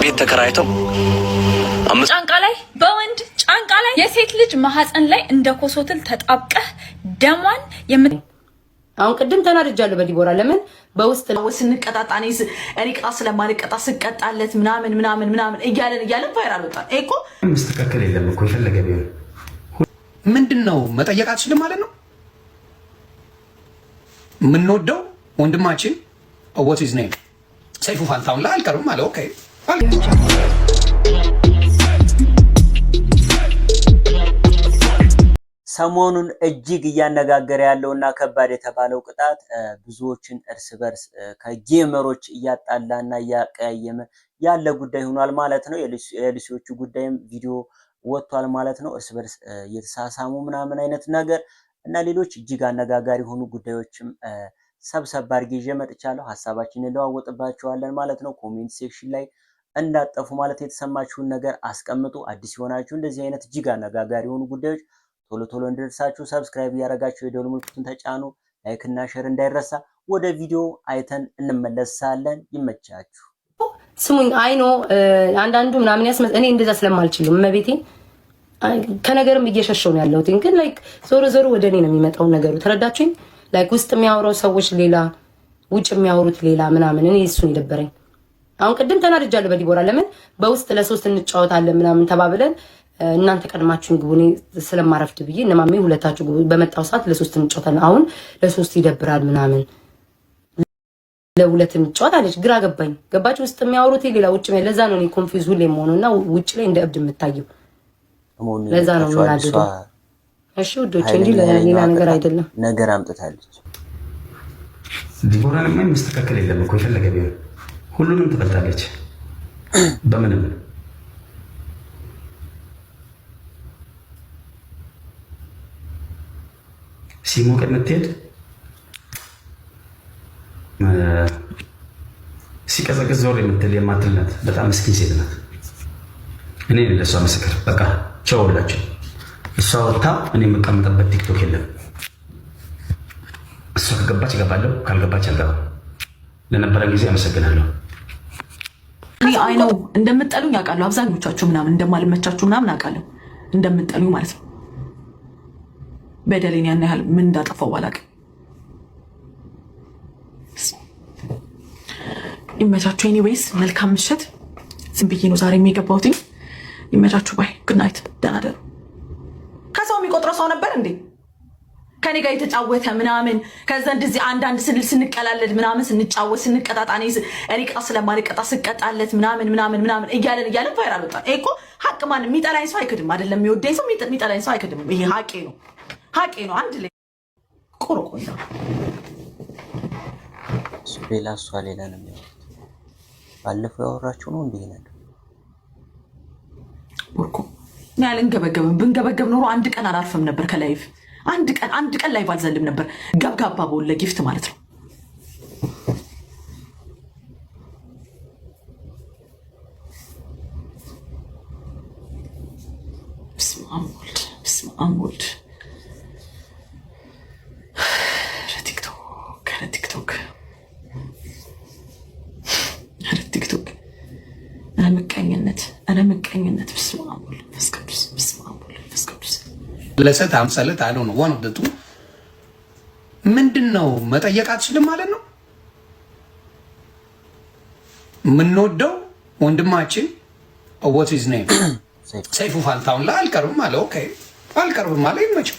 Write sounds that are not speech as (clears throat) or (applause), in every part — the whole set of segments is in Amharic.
ቤት ተከራይተው ጫንቃ ላይ በወንድ ጫንቃ ላይ የሴት ልጅ ማህፀን ላይ እንደ ኮሶትል ተጣብቀህ ደሟን የምት አሁን ቅድም ተናድጃለሁ በዲቦራ ለምን በውስጥ ነው ስንቀጣጣ እኔ ቅጣት ስለማልቀጣ ስቀጣለት ምናምን ምናምን ምናምን እያለን እያለን ቫይራል ወጣ እኮ መስተካከል የለም እኮ የፈለገ ቢሆን ምንድን ነው መጠየቅ አትችልም ማለት ነው የምንወደው ወንድማችን ወት ኢዝ ኔም ሰይፉ ፋንታውን ላይ አልቀርም አለ ኦኬ ሰሞኑን እጅግ እያነጋገረ ያለውና ከባድ የተባለው ቅጣት ብዙዎችን እርስ በርስ ከጌመሮች እያጣላና እያቀያየመ ያለ ጉዳይ ሆኗል ማለት ነው። የልሴዎቹ ጉዳይም ቪዲዮ ወጥቷል ማለት ነው። እርስ በርስ እየተሳሳሙ ምናምን አይነት ነገር እና ሌሎች እጅግ አነጋጋሪ የሆኑ ጉዳዮችም ሰብሰብ አድርጌ ይዤ መጥቻለሁ። ሀሳባችን እንለዋወጥባቸዋለን ማለት ነው። ኮሜንት ሴክሽን ላይ እንዳጠፉ ማለት የተሰማችሁን ነገር አስቀምጡ። አዲስ የሆናችሁ እንደዚህ አይነት እጅግ አነጋጋሪ የሆኑ ጉዳዮች ቶሎ ቶሎ እንዲደርሳችሁ ሰብስክራይብ እያደረጋችሁ የደወል ምልክቱን ተጫኑ። ላይክና ሸር እንዳይረሳ። ወደ ቪዲዮ አይተን እንመለሳለን። ይመቻችሁ። ስሙኝ አይኖ አንዳንዱ ምናምን ያስመ እኔ እንደዛ ስለማልችልም እመቤቴ ከነገርም እየሸሸው ነው ያለሁት፣ ግን ላይክ ዞሮ ዞሮ ወደ እኔ ነው የሚመጣው ነገሩ ተረዳችሁኝ። ላይክ ውስጥ የሚያወራው ሰዎች ሌላ፣ ውጭ የሚያወሩት ሌላ ምናምን እኔ እሱን የደበረኝ አሁን ቅድም ተናድጃለሁ በዲቦራ ለምን በውስጥ ለሶስት እንጫወታለን ምናምን ተባብለን እናንተ ቀድማችሁን ግቡ እኔ ስለማረፍድ ብዬ እነማሜ ሁለታችሁ ግቡ በመጣው ሰዓት ለሶስት እንጫወታለን አሁን ለሶስት ይደብራል ምናምን ለሁለት እንጫወት አለች ግራ ገባኝ ገባችሁ ውስጥ የሚያወሩት ሌላ ውጭ ለዛ ነው እኔ ኮንፊውዝ ሁሌ የምሆነው እና ውጭ ላይ እንደ እብድ የምታየው ለዛ ነው ምናድደው እሺ ውዶች እንጂ ለሌላ ነገር አይደለም ነገር አምጥታለች ዲቦራ ለምን መስተካከል የለም እኮ የፈለገ ቢሆን ሁሉንም ትበልጣለች። በምንም ሲሞቅ የምትሄድ ሲቀዘቅዝ ዞር የምትል የማትልነት በጣም ምስኪን ሴት ናት። እኔ ለእሷ ምስክር በቃ ቸው ወላቸው። እሷ ወጥታ እኔ የምቀመጥበት ቲክቶክ የለም። እሷ ከገባች እገባለሁ፣ ካልገባች አልገባም። ለነበረን ጊዜ አመሰግናለሁ። አይነው እንደምጠሉኝ አውቃለሁ። አብዛኞቻችሁ ምናምን እንደማልመቻችሁ ምናምን አውቃለሁ እንደምጠሉ ማለት ነው። በደሌን ያን ያህል ምን እንዳጠፋው አላውቅም። ይመቻችሁ። ኤኒዌይስ መልካም ምሽት። ዝም ብዬ ነው ዛሬ የሚገባውትኝ። ይመቻችሁ። ባይ ጉድ ደህና ደሩ። ከሰው የሚቆጥረው ሰው ነበር እንዴ? ከኔ ጋር የተጫወተ ምናምን ከዛ እንደዚህ አንዳንድ ስንል ስንቀላለድ ምናምን ስንጫወት ስንቀጣጣ እኔ ቅጣት ስለማልቀጣ ስቀጣለት ምናምን ምናምን ምናምን እያለን እያለን ቫይራል ወጣ። ይሄ እኮ ሀቅ ማን የሚጠላኝ ሰው አይክድም። አይደለም የሚወደኝ ሰው የሚጠላኝ ሰው አይክድም። ይሄ ሀቄ ነው፣ ሀቄ ነው። አንድ ላይ ቆርቆ ሌላ እሷ ሌላ ነው የሚያወሩት። ባለፈው ያወራችሁ ነው እንዲህ ነው ቡርኮ ያል እንገበገብም ብንገበገብ ኖሮ አንድ ቀን አላርፍም ነበር ከላይፍ አንድ ቀን አንድ ቀን ላይ ባልዘልም ነበር። ጋብጋባ በወለ ጊፍት ማለት ነው። አምወልድ (sighs) ቲክቶክ ከቲክቶክ ለሰት አምሰለት አለው ነው ዋን ኦፍ ዘ ቱ ምንድን ነው መጠየቅ አትችልም ማለት ነው። የምንወደው ወንድማችን ወት ኢዝ ኔም ሰይፉ ፋንታሁን ላይ አልቀርብም አለ። ኦኬ አልቀርብም አለ። ይመቸው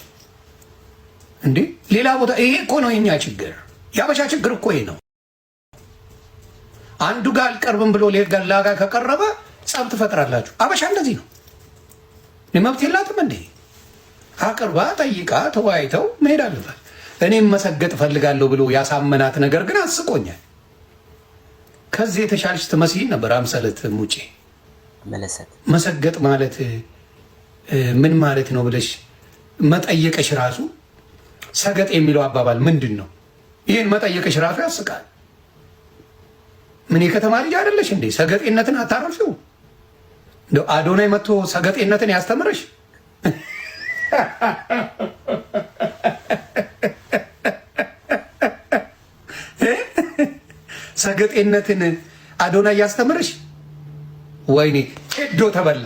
እንዴ ሌላ ቦታ። ይሄ እኮ ነው የኛ ችግር፣ የአበሻ ችግር እኮ ይሄ ነው። አንዱ ጋር አልቀርብም ብሎ ሌላ ጋር ከቀረበ ጸብ ትፈጥራላችሁ። አበሻ እንደዚህ ነው። መብት የላትም እንዴ አቅርባ ጠይቃ ተወያይተው መሄድ አለባት። እኔም መሰገጥ እፈልጋለሁ ብሎ ያሳመናት ነገር ግን አስቆኛል። ከዚህ የተሻለች ትመስይን ነበር። አምሰለት ሙጬ መሰገጥ ማለት ምን ማለት ነው ብለሽ መጠየቀሽ ራሱ ሰገጥ የሚለው አባባል ምንድን ነው? ይህን መጠየቀሽ ራሱ ያስቃል። ምን የከተማ ልጅ አይደለሽ እንዴ? ሰገጤነትን አታረፊው? አዶናይ መጥቶ ሰገጤነትን ያስተምረሽ ሰገጤነትን አዶና እያስተምርሽ ወይኔ ሄዶ ተበላ።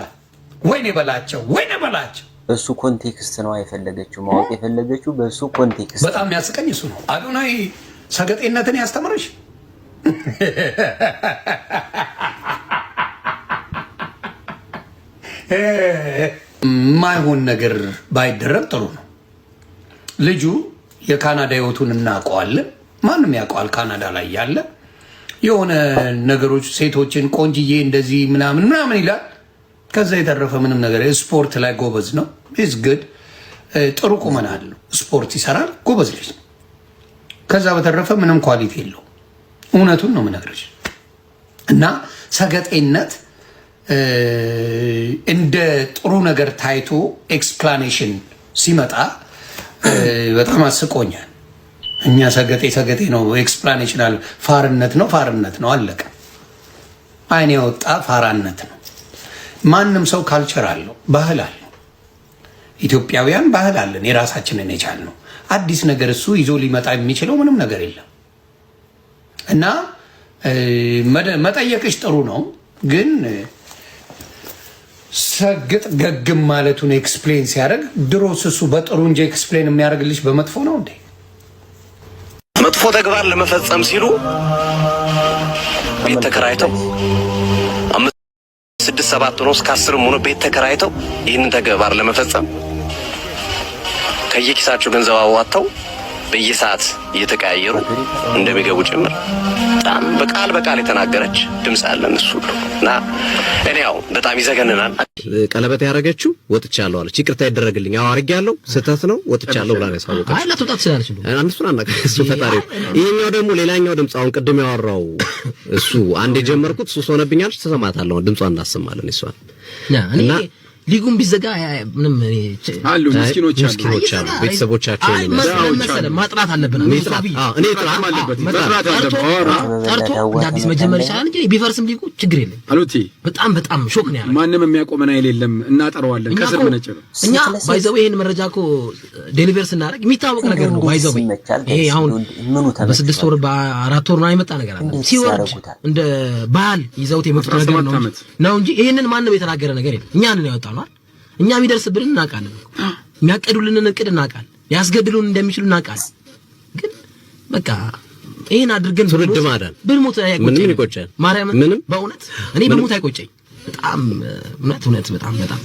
ወይኔ በላቸው፣ ወይኔ በላቸው። በሱ ኮንቴክስት ነው የፈለገችው ማወቅ የፈለገችው በሱ ኮንቴክስት። በጣም የሚያስቀኝ እሱ ነው። አዶናይ ሰገጤነትን ያስተምርሽ (laughs) የማይሆን ነገር ባይደረግ ጥሩ ነው። ልጁ የካናዳ ህይወቱን እናውቀዋለን። ማንም ያውቀዋል። ካናዳ ላይ ያለ የሆነ ነገሮች ሴቶችን ቆንጅዬ እንደዚህ ምናምን ምናምን ይላል። ከዛ የተረፈ ምንም ነገር ስፖርት ላይ ጎበዝ ነው። ኢዝ ግድ ጥሩ ቁመና አለው። ስፖርት ይሰራል። ጎበዝ ልጅ ነው። ከዛ በተረፈ ምንም ኳሊቲ የለው። እውነቱን ነው የምነግርሽ እና ሰገጤነት እንደ ጥሩ ነገር ታይቶ ኤክስፕላኔሽን ሲመጣ በጣም አስቆኛል። እኛ ሰገጤ ሰገጤ ነው። ኤክስፕላኔሽን አለ። ፋርነት ነው፣ ፋርነት ነው፣ አለቀ። አይን የወጣ ፋራነት ነው። ማንም ሰው ካልቸር አለው፣ ባህል አለው። ኢትዮጵያውያን ባህል አለን፣ የራሳችንን ነው። አዲስ ነገር እሱ ይዞ ሊመጣ የሚችለው ምንም ነገር የለም እና መጠየቅሽ ጥሩ ነው ግን ሰግጥ ገግም ማለቱን ኤክስፕሌን ሲያደርግ ድሮ ስሱ በጥሩ እንጂ ኤክስፕሌን የሚያደርግልሽ በመጥፎ ነው እንዴ? መጥፎ ተግባር ለመፈጸም ሲሉ ቤት ተከራይተው አምስት ስድስት ሰባት ሆኖ እስከ አስርም ሆኖ ቤት ተከራይተው ይህንን ተግባር ለመፈጸም ከየኪሳቸው ገንዘብ አዋጥተው በየሰዓት እየተቀያየሩ እንደሚገቡ ጭምር በጣም በቃል በቃል የተናገረች ድምፅ አለን እሱ እና እኔ ያው በጣም ይዘገንናል። ቀለበት ያደረገችው ወጥቻለሁ አለች። ይቅርታ ይደረግልኝ፣ አዎ አድርጌያለሁ፣ ስህተት ነው፣ ወጥቻለሁ ብላ ነው ያሳወቀችው። አይ ለተውጣት ስላለች ነው አንሱን አናቀ እሱ ፈጣሪ። ይሄኛው ደግሞ ሌላኛው ድምፅ አሁን ቅድም ያወራው እሱ አንድ የጀመርኩት እሱ ሆነብኛል፣ ትሰማታለህ፣ ድምጿን እናሰማለን ይሷል እና ሊጉን ቢዘጋ ምንም አሉ ምስኪኖች አሉ ቤተሰቦቻቸው ማጥራት አለብን። እኔ ማጥራት አለበት ጠርቶ እንደ አዲስ መጀመር ይችላል እንጂ ቢፈርስም ሊጉ ችግር የለም። አሉቲ በጣም በጣም ሾክ ነው ያለው። ማንም የሚያቆመን ኃይል የለም። እናጠራዋለን ከስር መነጭ ነው። እኛ ባይዘው ይሄን መረጃ እኮ ዴሊቨር ስናደርግ የሚታወቅ ነገር ነው። ባይዘው ይሄ አሁን በስድስት ወር በአራት ወር ነው የመጣ ነገር አለ። ሲወርድ እንደ ባህል ይዘውት የመጡት ነገር ነው ነው እንጂ ይሄንን ማንም የተናገረ ነገር የለም። እኛ ነን ያወጣ እኛ የሚደርስብን እናውቃለን። የሚያቀዱልንን እቅድ እናውቃል። ያስገድሉን እንደሚችሉ እናውቃል። ግን በቃ ይሄን አድርገን ብንሞት አይቆጨኝ። ምንም በእውነት እኔ ብሞት አይቆጨኝ። በጣም እውነት እውነት በጣም በጣም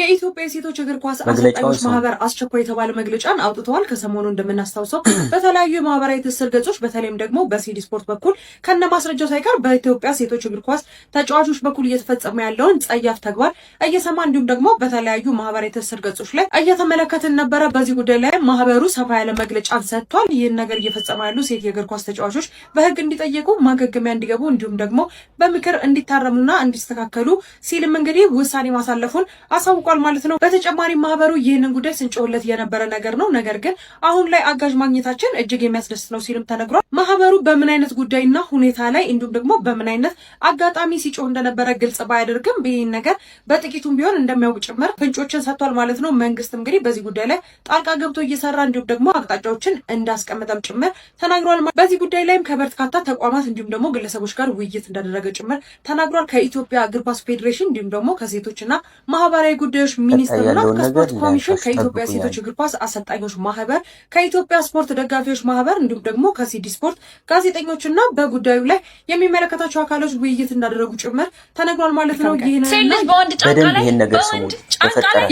የኢትዮጵያ የሴቶች እግር ኳስ አሰልጣኞች ማህበር አስቸኳይ የተባለ መግለጫን አውጥተዋል። ከሰሞኑ እንደምናስታውሰው (clears throat) በተለያዩ የማህበራዊ ትስስር ገጾች በተለይም ደግሞ በሲዲ ስፖርት በኩል ከነ ማስረጃው ሳይቀር በኢትዮጵያ ሴቶች እግር ኳስ ተጫዋቾች በኩል እየተፈጸመ ያለውን ጸያፍ ተግባር እየሰማ እንዲሁም ደግሞ በተለያዩ ማህበራዊ ትስስር ገጾች ላይ እየተመለከትን ነበረ። በዚህ ጉዳይ ላይ ማህበሩ ሰፋ ያለ መግለጫን ሰጥቷል። ይህን ነገር እየፈጸመ ያሉ ሴት የእግር ኳስ ተጫዋቾች በህግ እንዲጠየቁ ማገገሚያ እንዲገቡ እንዲሁም ደግሞ በምክር እንዲታረሙና እንዲ እንዲስተካከሉ ሲልም እንግዲህ ውሳኔ ማሳለፉን አሳውቋል ማለት ነው። በተጨማሪም ማህበሩ ይህንን ጉዳይ ስንጮህለት የነበረ ነገር ነው፣ ነገር ግን አሁን ላይ አጋዥ ማግኘታችን እጅግ የሚያስደስት ነው ሲልም ተነግሯል። ማህበሩ በምን አይነት ጉዳይና ሁኔታ ላይ እንዲሁም ደግሞ በምን አይነት አጋጣሚ ሲጮህ እንደነበረ ግልጽ ባያደርግም ይህን ነገር በጥቂቱም ቢሆን እንደሚያውቅ ጭምር ፍንጮችን ሰጥቷል ማለት ነው። መንግስት እንግዲህ በዚህ ጉዳይ ላይ ጣልቃ ገብቶ እየሰራ እንዲሁም ደግሞ አቅጣጫዎችን እንዳስቀመጠም ጭምር ተናግሯል። በዚህ ጉዳይ ላይም ከበርካታ ተቋማት እንዲሁም ደግሞ ግለሰቦች ጋር ውይይት እንዳደረገ ጭምር ተናግሯል። ከኢትዮ ከኢትዮጵያ እግር ኳስ ፌዴሬሽን እንዲሁም ደግሞ ከሴቶችና ማህበራዊ ጉዳዮች ሚኒስቴርና ከስፖርት ኮሚሽን ከኢትዮጵያ ሴቶች እግር ኳስ አሰልጣኞች ማህበር ከኢትዮጵያ ስፖርት ደጋፊዎች ማህበር እንዲሁም ደግሞ ከሲዲ ስፖርት ጋዜጠኞችና በጉዳዩ ላይ የሚመለከታቸው አካሎች ውይይት እንዳደረጉ ጭምር ተነግሯል ማለት ነው። ይህ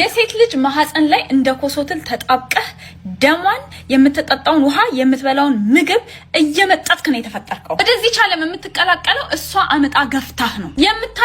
የሴት ልጅ ማህፀን ላይ እንደ ኮሶትል ተጣብቀህ ደሟን የምትጠጣውን ውሃ የምትበላውን ምግብ እየመጠጥክ ነው የተፈጠርከው። ወደዚህ ቻለም የምትቀላቀለው እሷ አመጣ ገፍታህ ነው የምታ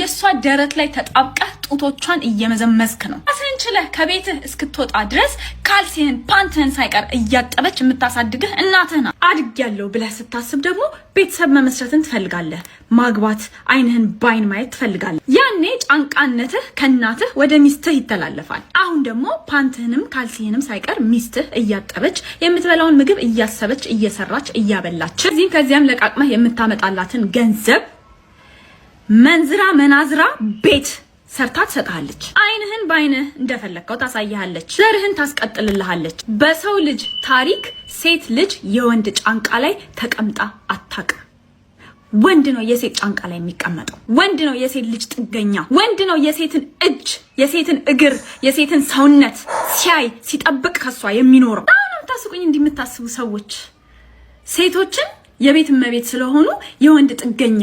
የእሷ ደረት ላይ ተጣብቀህ ጡቶቿን እየመዘመዝክ ነው። ራስህን ችለህ ከቤትህ እስክትወጣ ድረስ ካልሲህን ፓንትህን ሳይቀር እያጠበች የምታሳድግህ እናትህ ናት። ያለው ብለህ ስታስብ ደግሞ ቤተሰብ መመስረትን ትፈልጋለህ። ማግባት፣ አይንህን ባይን ማየት ትፈልጋለህ። ያኔ ጫንቃነትህ ከእናትህ ወደ ሚስትህ ይተላለፋል። አሁን ደግሞ ፓንትህንም ካልሲህንም ሳይቀር ሚስትህ እያጠበች የምትበላውን ምግብ እያሰበች እየሰራች እያበላች ከዚህም ከዚያም ለቃቅመህ የምታመጣላትን ገንዘብ መንዝራ መናዝራ ቤት ሰርታ ትሰጥሃለች። አይንህን በአይንህ እንደፈለግከው ታሳይሃለች። ዘርህን ታስቀጥልልሃለች። በሰው ልጅ ታሪክ ሴት ልጅ የወንድ ጫንቃ ላይ ተቀምጣ አታውቅም። ወንድ ነው የሴት ጫንቃ ላይ የሚቀመጠው። ወንድ ነው የሴት ልጅ ጥገኛ። ወንድ ነው የሴትን እጅ፣ የሴትን እግር፣ የሴትን ሰውነት ሲያይ ሲጠብቅ ከሷ የሚኖረው። አሁን የምታስቁኝ እንዲህ የምታስቡ ሰዎች ሴቶችን የቤት እመቤት ስለሆኑ የወንድ ጥገኛ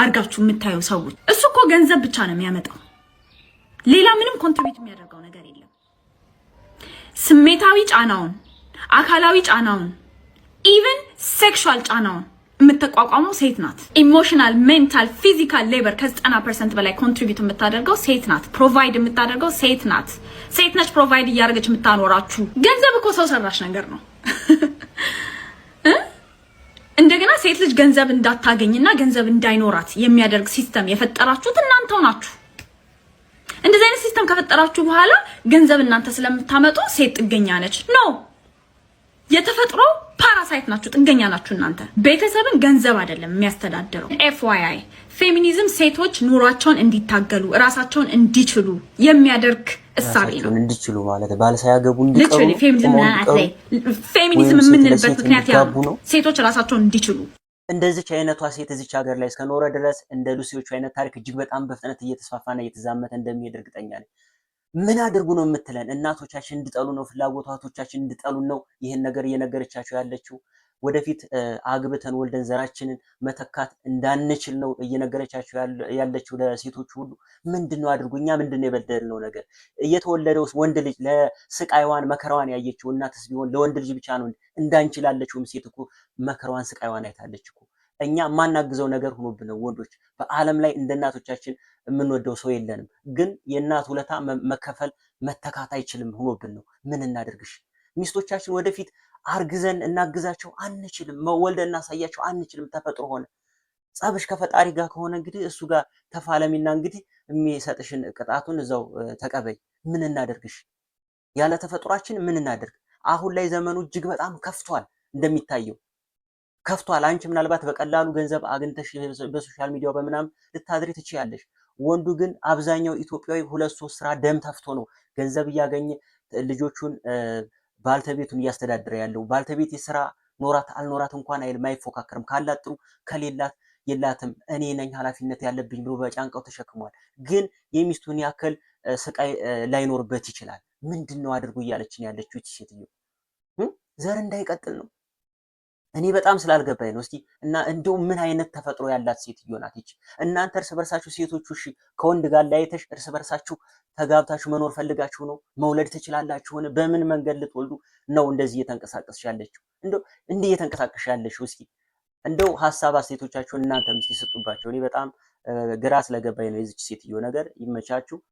አድርጋችሁ የምታየው ሰዎች። እሱ እኮ ገንዘብ ብቻ ነው የሚያመጣው፣ ሌላ ምንም ኮንትሪቢዩት የሚያደርገው ነገር የለም። ስሜታዊ ጫናውን፣ አካላዊ ጫናውን፣ ኢቨን ሴክሹዋል ጫናውን የምትቋቋመው ሴት ናት። ኢሞሽናል፣ ሜንታል፣ ፊዚካል ሌበር ከዘጠና ፐርሰንት በላይ ኮንትሪቢዩት የምታደርገው ሴት ናት። ፕሮቫይድ የምታደርገው ሴት ናት። ሴት ነች ፕሮቫይድ እያደረገች የምታኖራችሁ። ገንዘብ እኮ ሰው ሰራሽ ነገር ነው። ልጅ ገንዘብ እንዳታገኝና ገንዘብ እንዳይኖራት የሚያደርግ ሲስተም የፈጠራችሁት እናንተው ናችሁ። እንደዚህ አይነት ሲስተም ከፈጠራችሁ በኋላ ገንዘብ እናንተ ስለምታመጡ ሴት ጥገኛ ነች። ኖ የተፈጥሮ ፓራሳይት ናችሁ፣ ጥገኛ ናችሁ እናንተ። ቤተሰብን ገንዘብ አይደለም የሚያስተዳድረው። ኤፍዋይአይ ፌሚኒዝም ሴቶች ኑሯቸውን እንዲታገሉ እራሳቸውን እንዲችሉ የሚያደርግ እሳቤ ነው። እንዲችሉ ማለት ባል ሳያገቡ እንዲቀሩ ፌሚኒዝም የምንልበት ምክንያት ያ ሴቶች እራሳቸውን እንዲችሉ እንደዚች አይነቷ ሴት እዚች ሀገር ላይ እስከኖረ ድረስ እንደ ሉሲዎቹ አይነት ታሪክ እጅግ በጣም በፍጥነት እየተስፋፋና እየተዛመተ እንደሚሄድ እርግጠኛ ነኝ። ምን አድርጉ ነው የምትለን? እናቶቻችን እንድጠሉ ነው ፍላጎቷ፣ እንድጠሉ ነው ይህን ነገር እየነገረቻቸው ያለችው። ወደፊት አግብተን ወልደን ዘራችንን መተካት እንዳንችል ነው እየነገረቻቸው ያለችው ለሴቶች ሁሉ። ምንድን ነው አድርጉ፣ እኛ ምንድን ነው የበደልነው ነገር? እየተወለደው ወንድ ልጅ ለስቃይዋን መከራዋን ያየችው እናትስ ቢሆን ለወንድ ልጅ ብቻ ነው እንዳንችላለችውም። ሴት እኮ መከራዋን ስቃይዋን አይታለች እኮ እኛ የማናግዘው ነገር ሆኖብን ነው። ወንዶች በዓለም ላይ እንደ እናቶቻችን የምንወደው ሰው የለንም። ግን የእናት ውለታ መከፈል መተካት አይችልም ሆኖብን ነው። ምን እናደርግሽ? ሚስቶቻችን ወደፊት አርግዘን እናግዛቸው አንችልም። መወልደ እናሳያቸው አንችልም። ተፈጥሮ ሆነ ጸብሽ ከፈጣሪ ጋር ከሆነ እንግዲህ እሱ ጋር ተፋለሚና እንግዲህ የሚሰጥሽን ቅጣቱን እዛው ተቀበይ። ምን እናደርግሽ? ያለ ተፈጥሯችን ምን እናደርግ? አሁን ላይ ዘመኑ እጅግ በጣም ከፍቷል፣ እንደሚታየው ከፍቷል። አንቺ ምናልባት በቀላሉ ገንዘብ አግኝተሽ በሶሻል ሚዲያው በምናምን ልታድሪ ትችያለሽ። ወንዱ ግን አብዛኛው ኢትዮጵያዊ ሁለት ሶስት ስራ ደም ተፍቶ ነው ገንዘብ እያገኘ ልጆቹን ባልተቤቱን እያስተዳደረ ያለው ባልተቤት የስራ ኖራት አልኖራት እንኳን አይል አይፎካከርም። ካላት ጥሩ ከሌላት የላትም እኔ ነኝ ኃላፊነት ያለብኝ ብሎ በጫንቃው ተሸክሟል። ግን የሚስቱን ያክል ስቃይ ላይኖርበት ይችላል። ምንድን ነው አድርጉ እያለችን ያለችው ሴትዮ ዘር እንዳይቀጥል ነው። እኔ በጣም ስላልገባኝ ነው። እስቲ እና እንደው ምን አይነት ተፈጥሮ ያላት ሴትዮ ናት ይች? እናንተ እርስ በርሳችሁ ሴቶቹ እሺ፣ ከወንድ ጋር ለያይተሽ እርስ በርሳችሁ ተጋብታችሁ መኖር ፈልጋችሁ ነው? መውለድ ትችላላችሁን? በምን መንገድ ልትወልዱ ነው እንደዚህ እየተንቀሳቀስሽ ያለችው? እንደው እንዲህ እየተንቀሳቀስሽ ያለችው እስኪ እንደው ሀሳብ አስተያየቶቻችሁን እናንተ ምስኪ ስጡባቸው። እኔ በጣም ግራ ስለገባኝ ነው የዚች ሴትዮ ነገር። ይመቻችሁ።